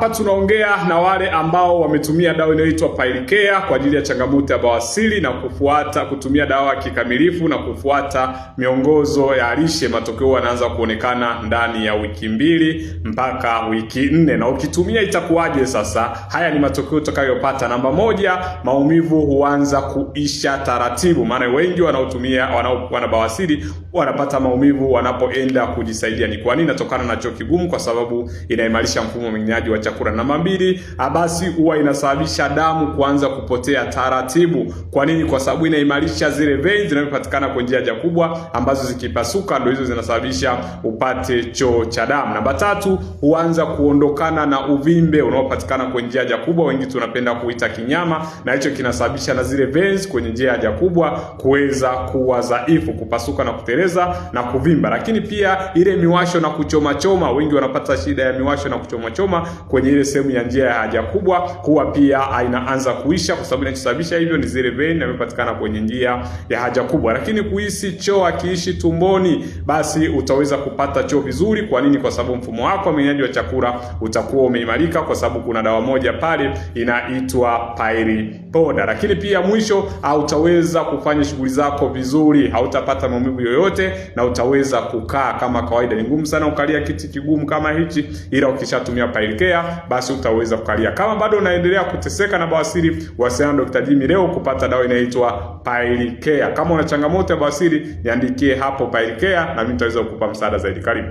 Hapa tunaongea na wale ambao wametumia dawa inayoitwa Pilecare kwa ajili ya changamoto ya bawasiri na kufuata kutumia dawa kikamilifu na kufuata miongozo ya lishe, matokeo yanaanza kuonekana ndani ya wiki mbili mpaka wiki nne. Na ukitumia itakuwaje sasa? Haya ni matokeo utakayopata. Namba moja, maumivu huanza kuisha taratibu, maana wengi wanaotumia wanabawasiri wanapata maumivu wanapoenda kujisaidia. Ni kwa nini? Natokana na choo kigumu, kwa sababu inaimarisha mfumo mmeng'enyaji wa chakula. Namba mbili, abasi ah, huwa inasababisha damu kuanza kupotea taratibu. Kwa nini? Kwa sababu inaimarisha zile veins zinazopatikana kwa njia haja kubwa, ambazo zikipasuka ndio hizo zinasababisha upate choo cha damu. Namba tatu, huanza kuondokana na uvimbe unaopatikana kwa njia haja kubwa, wengi tunapenda kuita kinyama, na hicho kinasababisha na zile veins kwenye njia haja kubwa kuweza kuwa dhaifu, kupasuka na kuteleza na kuvimba. Lakini pia ile miwasho na kuchoma choma, wengi wanapata shida ya miwasho na kuchoma choma kwenye kwenye ile sehemu ya njia ya haja kubwa huwa pia inaanza kuisha, kwa sababu inachosababisha hivyo ni zile vein inayopatikana kwenye njia ya haja kubwa. Lakini kuhisi choo akiishi tumboni, basi utaweza kupata choo vizuri. Kwa nini? Kwa sababu mfumo wako wa mmeng'enyaji wa chakula utakuwa umeimarika, kwa sababu kuna dawa moja pale inaitwa pili poda. Lakini pia mwisho, hautaweza kufanya shughuli zako vizuri, hautapata maumivu yoyote na utaweza kukaa kama kawaida. Ni ngumu sana ukalia kiti kigumu kama hichi, ila ukishatumia Pilecare basi utaweza kukalia. Kama bado unaendelea kuteseka na bawasiri, wasiliana na Dr. Jimmy leo kupata dawa inaitwa Pailikea. Kama una changamoto ya bawasiri, niandikie hapo Pailikea na mimi nitaweza kukupa msaada zaidi. Karibu.